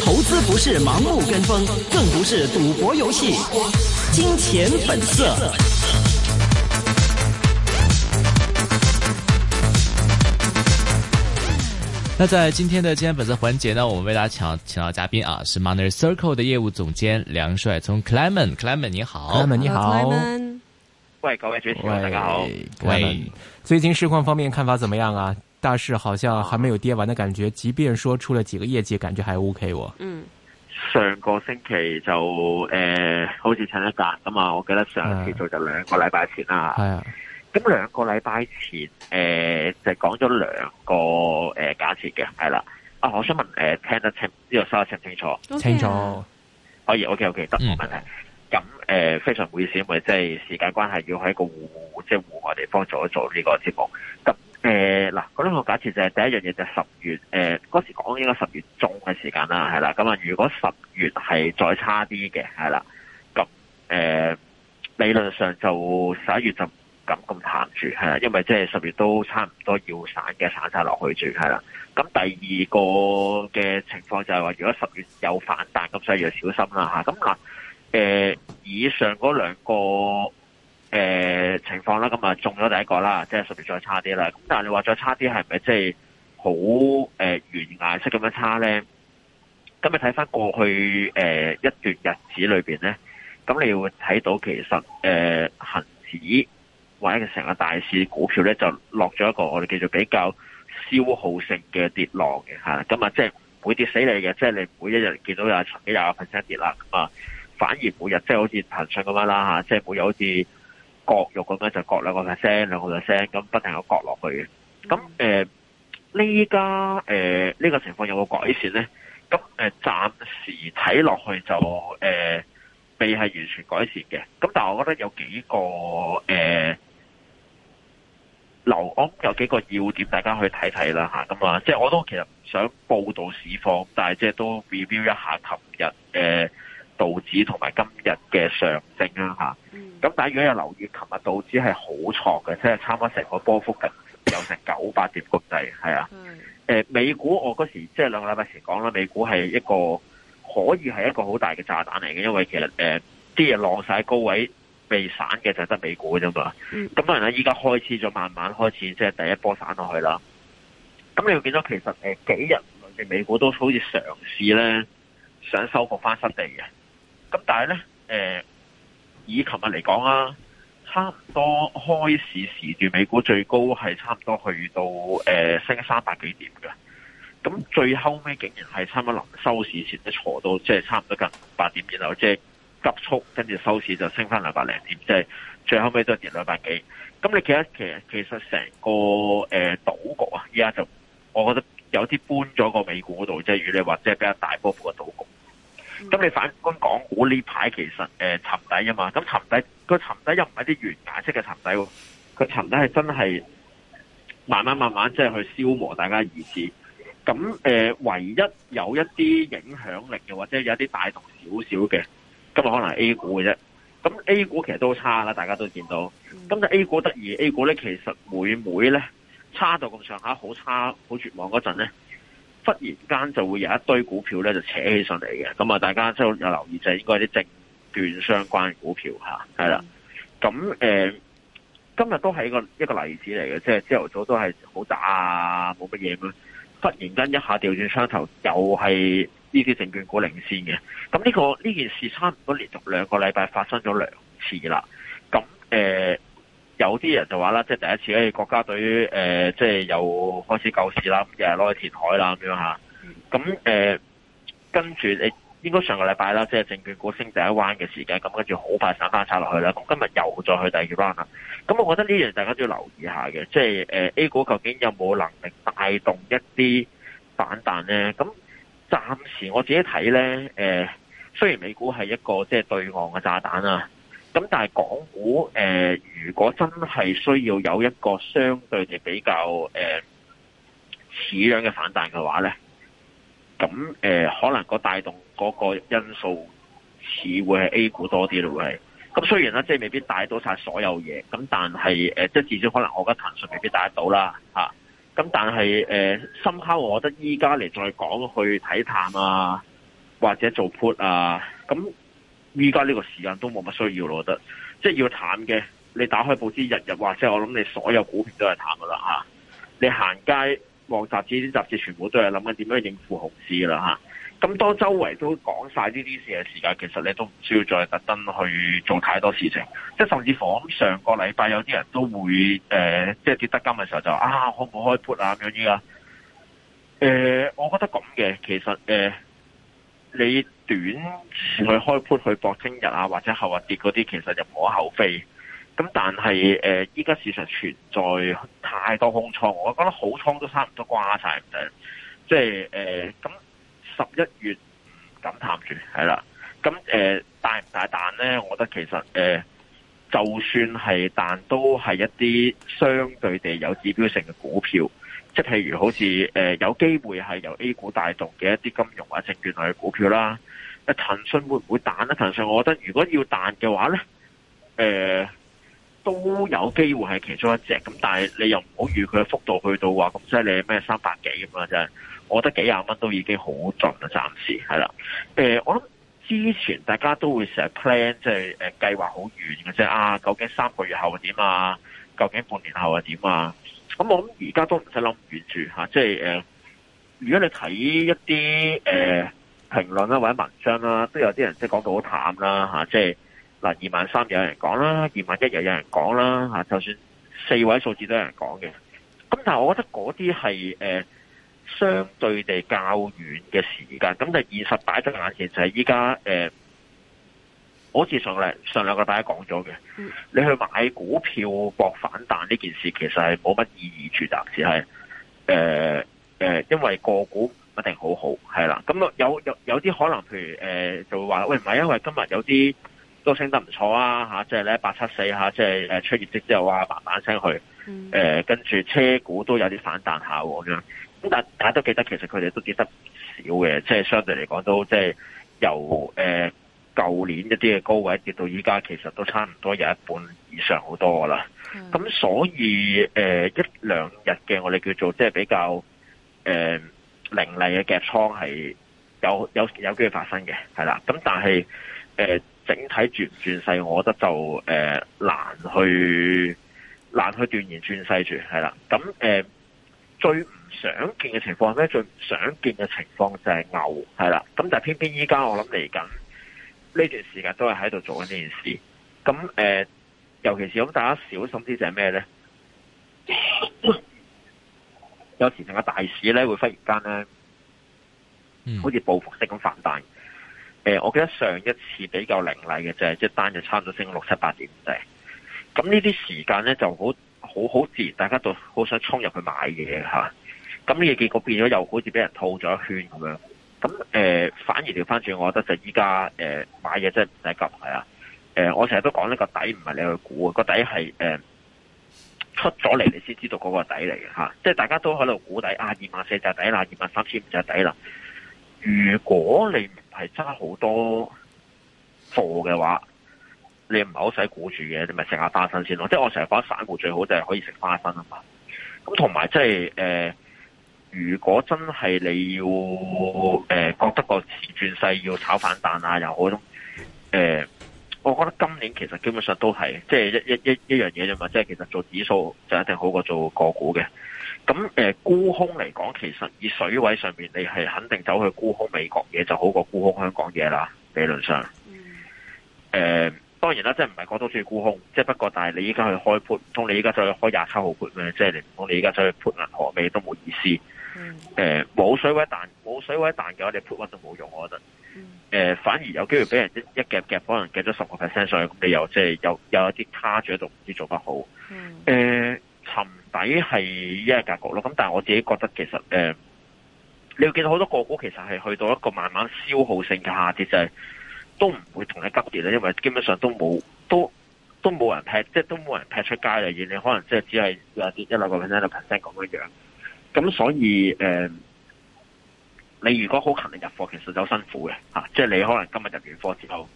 投資不是盲目跟風，更不是賭博遊戲。就金錢本色。 那在今天的今天本色環節呢，我們為大家請請到嘉賓啊，是 Manner Circle 的業務總監梁 oth 帥聰，Clement，Clement 你好。Clement 你好，喂，各位主持人大家好 Clement，最近市況方面看法怎麼樣啊？大市好像還沒有跌完的感覺，即便說出了幾個業績，感覺還 OK、哦。喎。嗯，上個星期就誒、呃，好似請咗假吖嘛，我記得上一次做就兩個禮拜前啦。係啊、哎呀，咁兩個禮拜前誒、呃、就講咗兩個誒、呃、假設嘅係啦。啊，我想問誒、呃、聽得清，呢、這個收得清唔清楚清楚，從可以 OK OK，得冇、嗯、問題。咁誒、呃、非常唔好意思，因為即係時間關係，要喺個戶，即係戶外地方做一做呢個節目誒嗱，咁樣、呃、我假設就係第一樣嘢就係十月，誒、呃、嗰時講應該十月中嘅時間啦，係啦。咁啊，如果十月係再差啲嘅，係啦，咁誒、呃、理論上就十一月就咁咁撐住，係啦，因為即係十月都差唔多要散嘅，散晒落去住，係啦。咁第二個嘅情況就係話，如果十月有反彈，咁所以要小心啦嚇。咁、啊、嗱，誒、呃、以上嗰兩個。誒、呃，情況啦，咁啊中咗第一個啦，即係順便再差啲啦。咁但係你話再差啲係咪即係好誒懸崖式咁樣差咧？咁你睇翻過去誒、呃、一段日子裏邊咧，咁你會睇到其實誒、呃、恒指或者成個大市股票咧就落咗一個我哋叫做比較消耗性嘅跌浪嘅吓。咁啊，即係唔會跌死你嘅，即係你每一日見到有層幾廿 percent 跌啦。咁啊，反而每日即係好似騰訊咁樣啦吓、啊，即係每日好似。割肉咁樣就割兩個 percent，兩個 percent 咁不停咁割落去嘅。咁誒，呢家，誒呢個情況有冇改善咧？咁誒暫時睇落去就誒、呃、未係完全改善嘅。咁但係我覺得有幾個誒流、呃，我有幾個要點，大家去睇睇啦吓。咁啊，嗯、即係我都其實唔想報道市況，但係即係都 review 一下琴日誒。呃道指同埋今日嘅上升啦、啊、吓，咁、嗯、但係如果有留意，琴日道指係好挫嘅，即係差唔多成個波幅近有成九百點谷際係啊，誒、嗯、美股我嗰時即係兩個禮拜前講啦，美股係一個可以係一個好大嘅炸彈嚟嘅，因為其實誒啲嘢晾晒高位未散嘅就得美股啫嘛，咁當然啦，依家開始咗慢慢開始即係第一波散落去啦，咁你會見到其實誒幾日嚟美股都好似嘗試咧想收復翻失地嘅。咁但係咧，誒以琴日嚟講啊，差唔多開市時段，美股最高係差唔多去到、呃、升三百幾點嘅。咁最後尾竟然係差唔多臨收市前咧，坐到即係差唔多近百點然後，即係急速跟住收市就升翻兩百零點，即、就、係、是、最後尾都係跌兩百幾。咁你記得其實其實其實成個誒賭、呃、局啊，而家就我覺得有啲搬咗個美股度，即係如果你話即係比較大波幅嘅賭局。咁你反觀港股呢排其實誒沉底啊嘛，咁沉底個沉底又唔係啲懸崖式嘅沉底喎，佢沉底係真係慢慢慢慢即係去消磨大家意志。咁、呃、唯一有一啲影響力嘅或者有一啲帶動少少嘅，今日可能係 A 股嘅啫。咁 A 股其實都差啦，大家都見到。咁就 A 股得意，A 股咧其實每每咧差到咁上下，好差，好絕望嗰陣咧。忽然間就會有一堆股票咧就扯起上嚟嘅，咁啊大家都有留意就係、是、應該啲證券相關嘅股票吓，係啦，咁誒、呃、今日都係一個一個例子嚟嘅，即係朝頭早都係好渣啊，冇乜嘢咁啦，忽然間一下調轉槍頭，又係呢啲證券股領先嘅，咁呢、這個呢件事差唔多連續兩個禮拜發生咗兩次啦，咁誒。呃有啲人就話啦，即係第一次咧、哎，國家隊，誒、呃，即係又開始救市啦，咁又攞去填海啦，咁樣吓。咁、嗯、誒，跟住你應該上個禮拜啦，即係證券股升第一彎嘅時間，咁跟住好快散翻晒落去啦。咁今日又再去第二彎啦。咁我覺得呢樣大家都要留意下嘅，即係誒、呃、A 股究竟有冇能力帶動一啲反彈呢？咁暫時我自己睇呢，誒、呃、雖然美股係一個即係對岸嘅炸彈啊。咁但係港股，誒、呃，如果真係需要有一個相對地比較誒、呃、似樣嘅反彈嘅話咧，咁、嗯、誒、呃、可能個帶動嗰個因素似會係 A 股多啲咯，會、嗯、係。咁雖然咧，即係未必帶到曬所有嘢，咁、嗯、但係、呃、即係至少可能我覺得騰訊未必帶得到啦，咁、啊嗯、但係誒、呃，深刻，我覺得依家嚟再講去睇淡啊，或者做 put 啊，咁、嗯。依家呢個時間都冇乜需要咯，我覺得即係要淡嘅。你打開報紙日日話，即係我諗你所有股票都係淡噶啦嚇。你行街望雜誌，啲雜誌全部都係諗緊點樣應付熊市啦嚇。咁、啊、多周圍都講晒呢啲事嘅時間，其實你都唔需要再特登去做太多事情。即係甚至乎，上個禮拜有啲人都會誒、呃，即係跌得急嘅時候就啊，可唔可以開 put 啊咁樣依家、呃。我覺得咁嘅，其實誒、呃、你。短去開盤去博聽日啊，或者後日跌嗰啲，其實就無可厚非。咁但係誒，依家市場存在太多空倉，我覺得好倉都差唔多瓜晒，即係誒咁十一月敢探住係啦。咁誒大唔大彈呢？我覺得其實誒、呃，就算係彈都係一啲相對地有指標性嘅股票，即係譬如好似誒、呃、有機會係由 A 股帶動嘅一啲金融或者證券類嘅股票啦。誒，騰訊會唔會彈呢？騰訊，我覺得如果要彈嘅話呢，誒、呃、都有機會係其中一隻咁，但係你又唔好預佢嘅幅度去到話咁，即係你咩三百幾咁啊？即係，我覺得幾廿蚊都已經好盡啦，暫時係啦。誒、呃，我諗之前大家都會成日 plan，即係誒計劃好遠嘅啫。啊，究竟三個月後係點啊？究竟半年後係點啊？咁、嗯、我諗而家都唔使諗唔遠住吓，即係、呃、如果你睇一啲誒。呃評論啦，或者文章啦，都有啲人即係講到好淡啦嚇，即係嗱，二萬三有人講啦，二萬一又有人講啦嚇，就算四位數字都有人講嘅。咁但係我覺得嗰啲係誒相對地較遠嘅時間，咁但係現實擺咗眼前就係依家誒，好似上兩上兩個大家講咗嘅，嗯、你去買股票博反彈呢件事其實係冇乜意義存在，只係誒誒，因為個股。一定好好係啦，咁啊有有有啲可能，譬如誒、呃、就會話：喂唔係，因為今日有啲都升得唔錯啊，即係咧八七四下，即、啊、係、就是啊就是、出業績之後啊，嘭嘭聲去誒，跟住、嗯呃、車股都有啲反彈下咁、啊、咁但大家都記得，其實佢哋都跌得少嘅，即、就、係、是、相對嚟講都即係由誒舊、呃、年一啲嘅高位跌到依家，其實都差唔多有一半以上好多啦。咁、嗯、所以誒、呃、一兩日嘅我哋叫做即係比較誒。呃凌厲嘅夾倉係有有有機會發生嘅，係啦。咁但係誒、呃、整體轉唔轉勢我覺得就誒、呃、難去難去斷言轉勢住。係啦。咁誒、呃、最唔想見嘅情況係咩？最唔想見嘅情況就係牛係啦。咁但係偏偏依家我諗嚟緊呢段時間都係喺度做緊呢件事。咁誒、呃，尤其是咁大家小心啲就係咩咧？ 有時成個大市咧，會忽然間咧，好似報復式咁反彈。嗯呃、我記得上一次比較凌厲嘅就係、即係、單日差唔多升六七八點啫。咁呢啲時間咧就好好好自然，大家都好想衝入去買嘢嚇。咁、啊、呢個結果變咗又好似俾人套咗一圈咁樣。咁、呃、反而調翻轉，我覺得就依家、呃、買嘢真係唔使急。係、呃、啊。我成日都講呢個底唔係你去估個底係出咗嚟，你先知道嗰個底嚟嘅吓，即係大家都喺度估底啊，二萬四就底啦，二萬三千五就底啦。如果你唔係揸好多貨嘅話，你唔係好使估住嘅，你咪食下花生先咯。即係我成日覺得，散戶最好就係可以食花生啊嘛。咁同埋即係誒，如果真係你要誒、呃、覺得個自轉勢要炒反彈啊，又好誒。呃我覺得今年其實基本上都係，即、就、係、是、一一一一樣嘢啫嘛，即、就、係、是、其實做指數就一定好過做個股嘅。咁誒、呃、沽空嚟講，其實以水位上面，你係肯定走去沽空美國嘢就好過沽空香港嘢啦，理論上。嗯。誒，當然啦，即係唔係講多啲沽空，即、就、係、是、不過，但係你依家去開 p u 通你依家走去開廿七號 p u 即係你唔好你依家走去 p u 銀河尾都冇意思。誒、呃，冇水位彈，冇水位彈嘅話，你，你 p u 都冇用，我覺得。誒，反而有機會俾人一一夾夾，可能夾咗十個 percent 上去，咁你又即係又有一啲卡住喺度，唔知做乜好。誒、嗯呃，沉底係呢個格局咯。咁但係我自己覺得其實誒、呃，你會見到好多個股其實係去到一個慢慢消耗性嘅下跌，就係、是、都唔會同你急跌咧，因為基本上都冇，都都冇人劈，即、就、係、是、都冇人劈出街嚟，而你可能即係只係有啲一兩個 percent 就 percent 咁樣樣。咁所以誒。呃你如果好勤力入貨，其實就辛苦嘅、啊、即係你可能今日入完貨之後，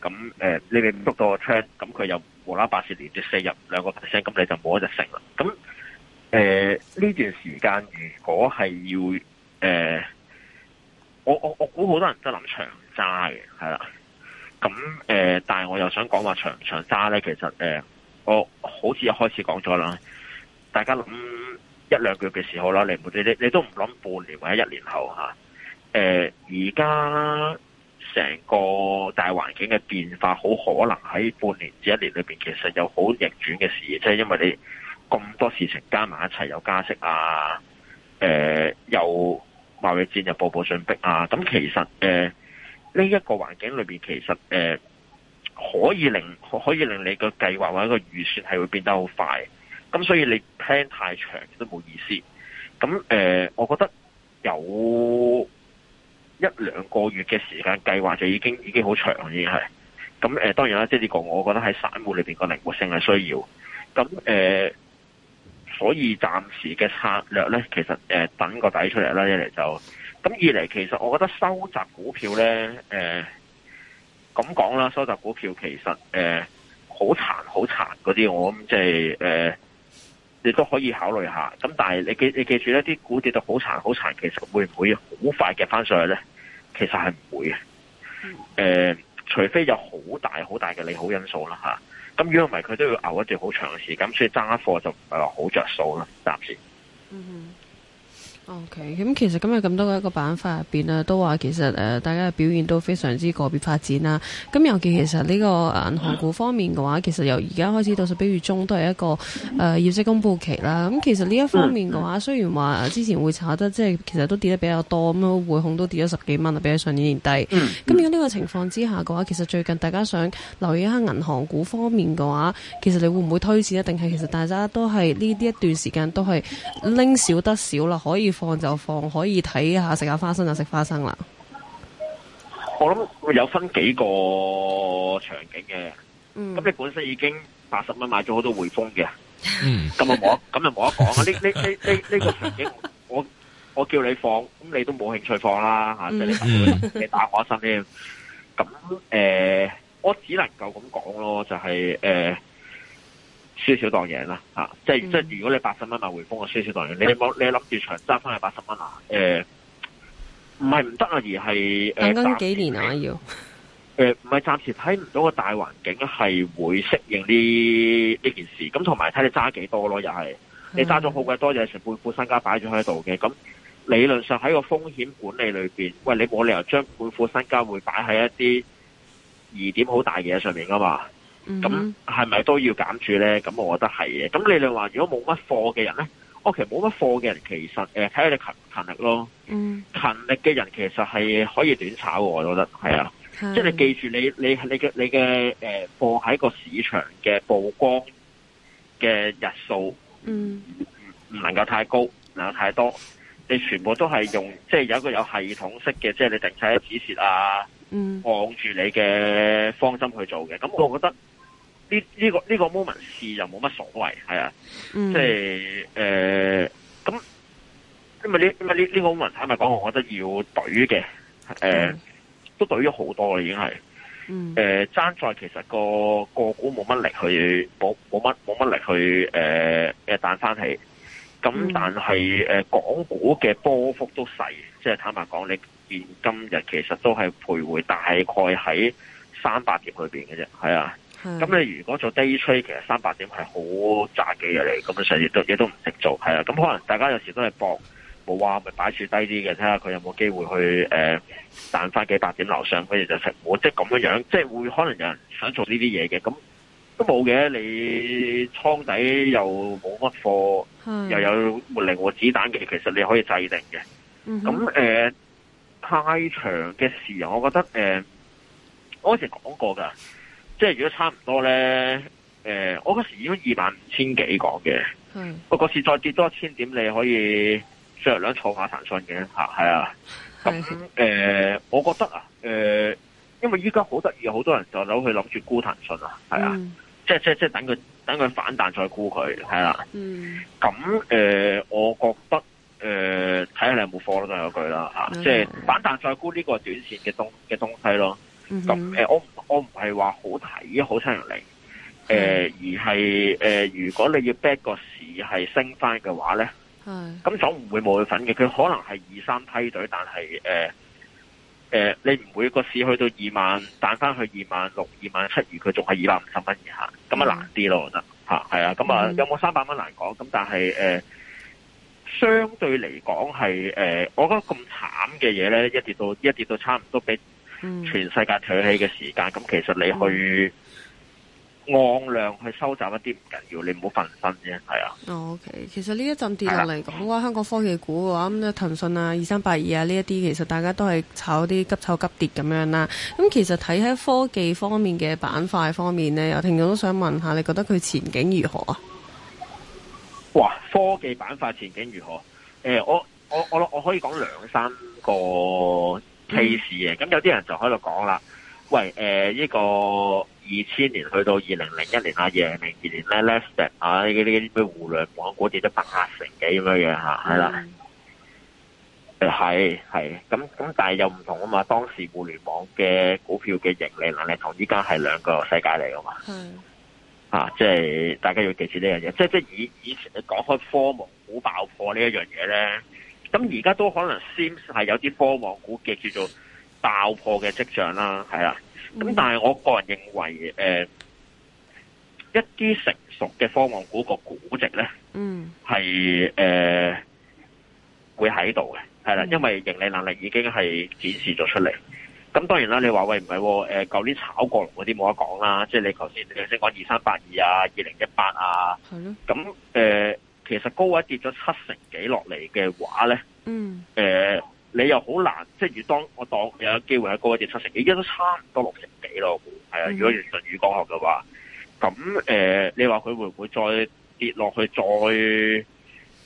咁誒、呃、你未捉到個車，咁佢又無啦啦，八成連跌四日兩個 percent，咁你就冇一隻成啦。咁誒呢段時間，如果係要誒、呃，我我我估好多人都諗長揸嘅，係啦。咁誒、呃，但係我又想講話長長揸咧，其實誒、呃，我好似又開始講咗啦。大家諗一兩個月嘅時候啦，你你你都唔諗半年或者一年後、啊誒，而家成個大環境嘅變化，好可能喺半年至一年裏邊，其實有好逆轉嘅事，即係因為你咁多事情加埋一齊，有加息啊，誒、呃，又貿易戰又步步進逼啊，咁其實誒呢一個環境裏邊，其實誒、呃、可以令可以令你的計劃個計劃或者個預算係會變得好快，咁所以你 plan 太長都冇意思。咁誒、呃，我覺得有。一兩個月嘅時間，計劃就已經已經好長，已經係咁、呃、當然啦，即係呢個，我覺得喺散戶裏面個靈活性係需要。咁誒、呃，所以暫時嘅策略咧，其實、呃、等個底出嚟啦，一嚟就咁，二嚟其實我覺得收集股票咧，誒咁講啦，收集股票其實誒好、呃、殘好殘嗰啲，我諗即係誒。呃你都可以考慮下，咁但係你記你記住咧，啲股跌到好殘好殘，其實會唔會好快夾翻上去咧？其實係唔會嘅，誒、嗯呃，除非有好大好大嘅利好因素啦嚇，咁如果唔係，佢都要熬一段好長嘅時間，所以揸貨就唔係話好著數咯，暫時。嗯哼 O.K. 咁其實今日咁多嘅一個板塊入邊啊，都話其實誒、呃、大家嘅表現都非常之個別發展啦。咁、啊、尤其其實呢個銀行股方面嘅話，其實由而家開始到十一月中都係一個誒、呃、業績公布期啦。咁、啊、其實呢一方面嘅話，嗯、雖然話之前會炒得即係其實都跌得比較多，咁啊匯控都跌咗十幾蚊啦，比起上年年底。咁、嗯嗯、如果呢個情況之下嘅話，其實最近大家想留意一下銀行股方面嘅話，其實你會唔會推薦一定係其實大家都係呢啲一段時間都係拎少得少啦，可以？放就放，可以睇下食下花生就食花生啦。我諗會有分幾個場景嘅，咁、嗯、你本身已經八十蚊買咗好多匯豐嘅，咁又冇，咁又冇得講啊！呢呢呢呢呢個場景我，我我叫你放，咁你都冇興趣放啦吓，你打我一身添。咁誒、呃，我只能夠咁講咯，就係、是、誒。呃少少當贏啦，啊，即係即係如果你八十蚊買匯豐個少少當贏、嗯，你冇你諗住長揸翻去八十蚊啊？誒、呃，唔係唔得啊，而係、呃、等緊幾年啊要？誒、呃，唔係暫時睇唔到個大環境係會適應呢呢件事，咁同埋睇你揸幾多咯、啊，又係你揸咗好鬼多，嘢、嗯，成半副身家擺咗喺度嘅，咁理論上喺個風險管理裏邊，喂，你冇理由將半副身家會擺喺一啲疑點好大嘅嘢上面噶嘛？咁係咪都要減住咧？咁我覺得係嘅。咁你哋話，如果冇乜貨嘅人咧，我、okay, 其實冇乜貨嘅人，其實睇下你勤勤力咯。嗯、勤力嘅人其實係可以短炒，我覺得係啊。即係你記住你，你你你嘅你嘅誒貨喺個市場嘅曝光嘅日數，嗯，唔能夠太高，嗯、能夠太多。你全部都係用，即係有一個有系統式嘅，即係你定晒啲指示啊，望住、嗯、你嘅方針去做嘅。咁我覺得。呢呢、這個呢、這個 moment 試又冇乜所謂，係啊，即係誒咁，因為呢因為呢呢、這個 moment 坦白講，我覺得要懟嘅，誒、呃嗯、都懟咗好多啦，已經係，誒、呃、爭在其實個個股冇乜力去，冇冇乜冇乜力去誒誒彈翻起，咁、呃、但係誒、嗯呃、港股嘅波幅都細，即、就、係、是、坦白講，你見今日其實都係徘徊大概喺三百點裏邊嘅啫，係啊。咁你如果做 day trade，其實三百點係好窄嘅嘢嚟，根本上亦都亦都唔識做，係啊。咁可能大家有時都係搏冇話，咪擺住低啲嘅，睇下佢有冇機會去誒彈翻幾百點樓上，佢哋就食我。即係咁樣即係會可能有人想做呢啲嘢嘅，咁都冇嘅。你倉底又冇乜貨，的又有靈活子彈嘅，其實你可以制定嘅。咁誒、嗯哼呃、太長嘅事啊，我覺得誒、呃，我以前講過㗎。即係如果差唔多咧，誒、呃，我嗰時已經二萬五千幾講嘅，的我嗰次再跌多一千點，你可以少量儲下騰訊嘅吓，係啊，咁誒、嗯的呃，我覺得啊，誒、呃，因為依家好得意，好多人就走去諗住沽騰訊啊，係啊、嗯，即係即係即係等佢等佢反彈再沽佢，係啦，咁誒、嗯嗯嗯呃，我覺得誒，睇、呃、下你有冇貨咯，有句啦吓，啊嗯、即係反彈再沽呢個短線嘅東嘅東西咯，咁誒、嗯哼嗯呃、我。我唔係話好睇，好出人嚟。誒、呃，而係誒、呃，如果你要 back 個市係升翻嘅話咧，咁的總唔會冇佢份嘅。佢可能係二三批隊，但係誒、呃呃、你唔會個市去到二萬彈翻去二萬六、二萬七二，佢仲係二百五十蚊以下。咁的啊就有有難啲咯、呃呃，我覺得係啊。咁啊，有冇三百蚊難講？咁但係誒，相對嚟講係誒，我覺得咁慘嘅嘢咧，一跌到一跌到差唔多俾。全世界取起嘅時間，咁、嗯、其實你去按量去收集一啲唔緊要，你唔好瞓身啫，係啊、哦。O、okay, K，其實呢一陣跌落嚟講，話的香港科技股嘅話，咁咧騰訊啊、二三八二啊呢一啲，其實大家都係炒啲急炒急跌咁樣啦。咁其實睇喺科技方面嘅板塊方面呢，有聽眾都想問一下，你覺得佢前景如何啊？哇，科技板塊前景如何？誒、欸，我我我我可以講兩三個。case 嘅，咁、嗯、有啲人就喺度講啦，喂，誒、呃，呢、這個二千年去到二零零一年啊，二零零二年咧，last year 啊，呢啲咩互聯網股跌得八成幾咁樣樣吓，係啦，誒、嗯，係係，咁咁但係又唔同啊嘛，當時互聯網嘅股票嘅盈利能力同依家係兩個世界嚟噶嘛，嗯、啊，即係大家要記住呢樣嘢，即係即係以以前你講開科網股爆破這件事呢一樣嘢咧。咁而家都可能先係有啲科網股嘅叫做爆破嘅跡象啦，係啦。咁但係我個人認為，誒、呃、一啲成熟嘅科網股個估值咧，嗯，係誒、呃、會喺度嘅，係啦，嗯、因為盈利能力已經係展示咗出嚟。咁當然啦，你話喂唔係喎，誒舊、呃、年炒過龍嗰啲冇得講啦，即係你頭先頭先講二三八二啊、二零一八啊，係咯的，咁誒。呃其實高位跌咗七成幾落嚟嘅話咧，嗯、呃，你又好難，即係如當我當有機會係高位跌七成幾，而家都差唔多六成幾咯，係啊，如果係順宇科學嘅話，咁誒、呃、你話佢會唔會再跌落去再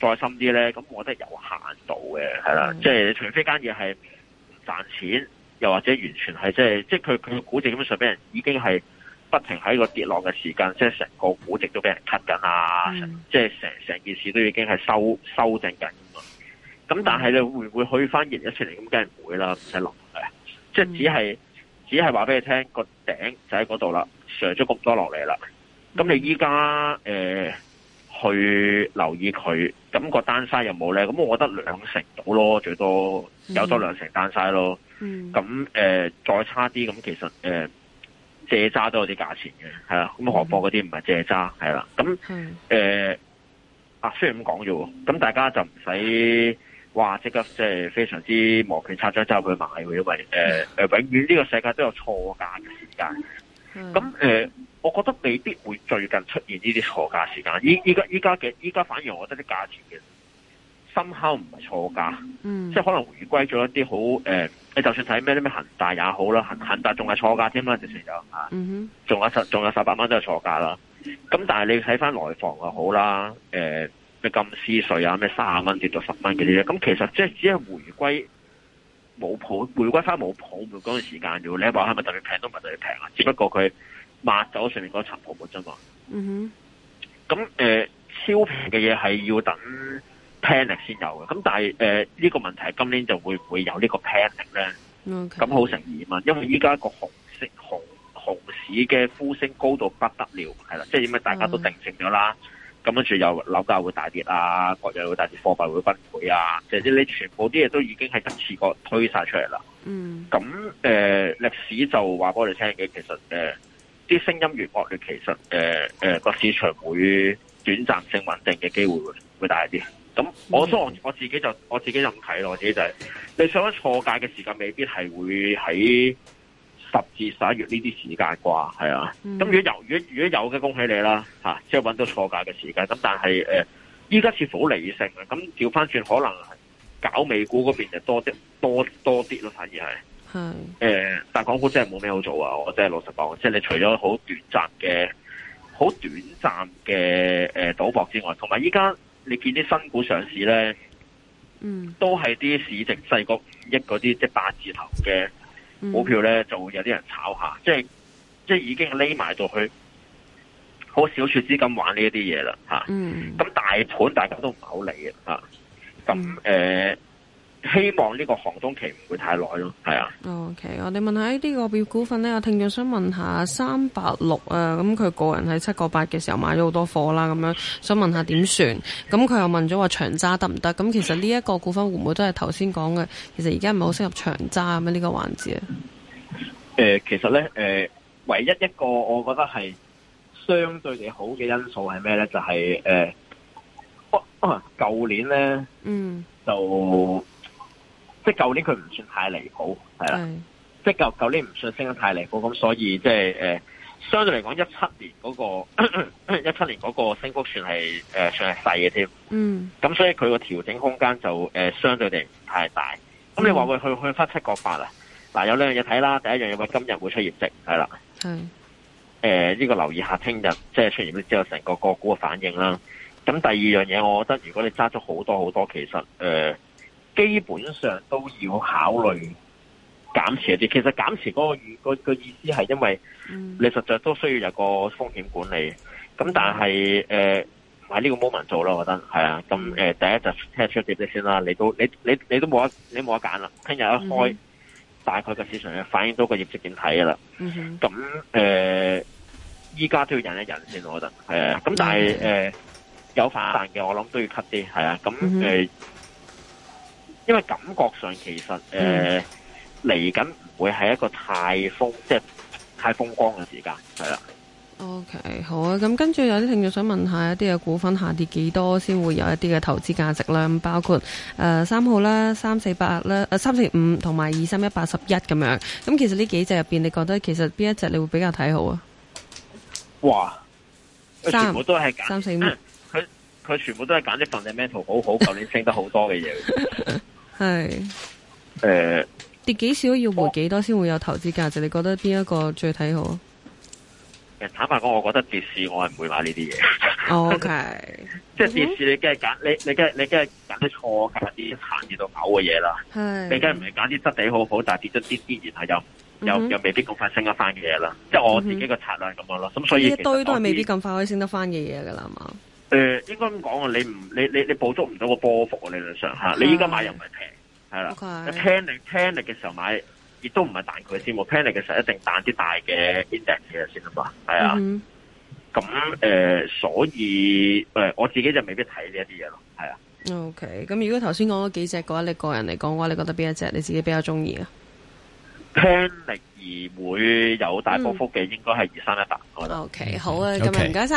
再深啲咧？咁我覺得有限度嘅，係啦，嗯、即係除非間嘢係唔賺錢，又或者完全係、就是、即係即係佢佢估值基本上俾人已經係。不停喺個跌落嘅時間，即係成個估值都俾人 cut 緊啊！Mm. 即係成成件事都已經係修修正緊。咁、mm. 但係你會唔會去翻二零一四年咁？梗係唔會啦，唔使諗嘅。即係只係、mm. 只係話俾你聽，個頂就喺嗰度啦，上咗咁多落嚟啦。咁、mm. 你依家誒去留意佢，咁、那個單殺有冇咧？咁我覺得兩成到咯，最多有多兩成單殺咯。咁誒、mm. 呃，再差啲咁，其實誒。呃借揸都有啲價錢嘅，係啦，咁何貨嗰啲唔係借揸，係啦，咁誒的、呃，啊，雖然咁講咗喎，咁大家就唔使話，即刻即係非常之磨拳擦掌，爭去買嘅，因為誒誒、呃呃，永遠呢個世界都有錯價嘅時間咁誒，我覺得未必會最近出現呢啲錯價時間，依依家依家嘅依家反而我覺得啲價錢嘅，深刻唔係錯價，嗯、即係可能回歸咗一啲好誒。呃你就算睇咩咩恒大也好啦，恒恒大仲係錯價添啦，直情就，仲有十仲有十八蚊都係錯價啦。咁但係你睇翻內房又好啦，咩金思穗啊咩卅蚊跌到十蚊呢啲咧，咁其實即、就、係、是、只係回歸冇普回歸翻冇泡沫嗰段時間啫喎。你話係咪特別平都唔係特別平啊？只不過佢抹走上面嗰層泡沫啫嘛。哼。咁、呃、誒超平嘅嘢係要等。panic 先有嘅，咁但係誒呢個問題今年就會唔會有這個呢個 panic 咧？咁好 Okay. 誠意啊嘛，因為依家個紅色紅紅市嘅呼聲高到不得了，係啦，即係點解大家都定性咗啦，咁跟住又樓價會大跌啊，各樣會大跌，貨幣會崩潰啊，即係啲你全部啲嘢都已經係一次過推晒出嚟啦。嗯，咁誒、呃、歷史就話俾我哋聽嘅，其實誒啲、呃、聲音越惡劣，其實誒誒個市場會短暫性穩定嘅機會會會大啲。咁，我所我自己就、mm hmm. 我自己就咁睇咯。我自己就係、是，你上咗錯價嘅時間未必係會喺十至十一月呢啲時間啩，係啊。咁如果有，如果如果有嘅，有恭喜你啦、啊，即係搵到錯價嘅時間。咁但係誒，依、呃、家似乎好理性啊？咁調翻轉，可能係搞美股嗰邊就多啲，多多啲咯，反、啊、而係、mm hmm. 呃。但港股真係冇咩好做啊！我真係老實講，即、就、係、是、你除咗好短暫嘅、好短暫嘅誒賭博之外，同埋依家。你見啲新股上市咧，嗯，都係啲市值細過五億嗰啲、即係嗯，即係八字頭嘅股票咧，就會有啲人炒下，即係即係已經匿埋到去，好少少資金玩呢一啲嘢啦，嗯，咁大盤大家都唔好理咁。希望呢個寒冬期唔會太耐咯，係啊。OK，我哋問下呢啲個別股份咧，我聽咗想問下三百六啊，咁佢個人喺七個八嘅時候買咗好多貨啦，咁樣想問下點算？咁佢又問咗話長揸得唔得？咁其實呢一個股份會唔會都係頭先講嘅？其實而家唔係好適合長揸咁樣呢個環節啊。誒、呃，其實呢，誒、呃，唯一一個我覺得係相對地好嘅因素係咩呢？就係、是、誒，呃啊、舊年呢。嗯，就。即係舊年佢唔算太離譜，係啦，的即係舊舊年唔算升得太離譜，咁所以即、就、係、是呃、相對嚟講一七年嗰、那個一七年嗰個升幅算係、呃、算係細嘅添，嗯，咁所以佢個調整空間就、呃、相對地唔太大。咁你話會去去翻七個八啦，嗱、嗯啊、有兩樣嘢睇啦，第一樣嘢話今日會出業績，係啦，呢的、呃呢個留意下，聽日即係出業績之後，成個個股嘅反應啦。咁第二樣嘢，我覺得如果你揸咗好多好多，其實、呃基本上都要考慮減持一啲，其實減持嗰、嗰個意、嗰個意思係因為，你實在都需要有個風險管理。咁、嗯、但係誒，喺呢個 moment 做咯，我覺得係啊。咁誒、呃，第一就 test 出業績先啦。你都你你你都冇得你冇得揀啦。聽日一開，嗯、哼大概個市場反映到個業績點睇噶啦。咁誒、嗯哼，依家、呃、都要忍一忍先，我覺得。咁、啊、但係誒是、呃，有反彈嘅，我諗都要 cut 啲。係啊，咁誒。嗯哼呃因為感覺上其實誒嚟緊唔會係一個太風，即係太風光嘅時間，係啦。O、okay, K 好啊，咁跟住有啲聽眾想問一下一啲嘅股份下跌幾多先會有一啲嘅投資價值咧？咁包括誒三、呃、號咧、三四八咧、誒三四五同埋二三一八十一咁樣。咁、嗯、其實呢幾隻入邊，你覺得其實邊一隻你會比較睇好啊？哇！佢全部都係揀三四五，佢佢全部都係揀啲 fundamental 好好、舊年升得好多嘅嘢。 係，誒是，呃、跌幾少要回幾多先會有投資價值？你覺得邊一個最睇好啊？坦白講，我覺得跌市我係唔會買呢啲嘢。O K，即係跌市你梗係揀，你你梗係你梗係揀啲錯揀啲慘跌到嘔嘅嘢啦。係，你梗係唔係揀啲質地好好，但係跌咗啲依然係有,有、嗯、哼又未必咁快升得翻嘅嘢啦。嗯、哼即係我自己個策略係咁樣咯。咁、嗯、哼所以是這一堆都係未必咁快可以升得翻嘅嘢噶啦，係嘛？誒、呃，應該咁講啊，你唔，你你你捕捉唔到個波幅理論上吓，的你依家買又唔係平，係啦。panic 嘅時候買，亦都唔係彈佢先，我 panic 嘅時候一定彈啲大嘅 index 嘅先啦嘛，係啊。咁誒、mm hmm. 呃，所以誒、哎，我自己就未必睇呢一啲嘢咯，係啊。O K，咁如果頭先講嗰幾隻嘅話，你個人嚟講嘅話，你覺得邊一隻你自己比較中意啊？panic 而會有大波幅嘅，mm hmm. 應該係二三一八。O K，好啊，今日唔該晒。